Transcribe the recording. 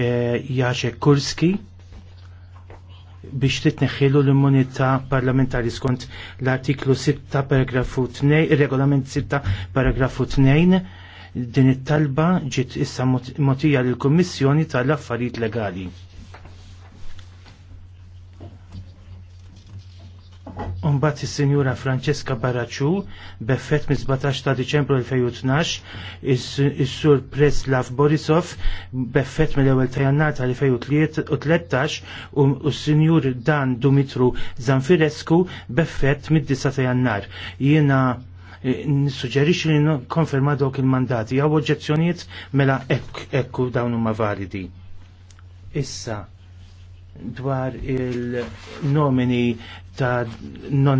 E, Jaċek Kurski biex titneħħilu l-immunità parlamentari skont l-artiklu 6 paragrafu 2, regolament 6 paragrafu 2, din it-talba ġiet issa motija l kummissjoni tal-affarijiet legali. Umbat il-Sinjura Francesca Baraciu, beffet mis-17 ta' Diċembru 2012, il-Sur Preslav Borisov, beffet mill-ewel ta' jannar ta' 2013, u s senjur Dan Dumitru Zanfirescu, beffet mid disa ta' jannar. Jiena eh, nissuġġerixi li konferma dawk il-mandati, għaw oġezzjoniet mela ekku dawn huma validi. Issa, dwar il-nomini ta' non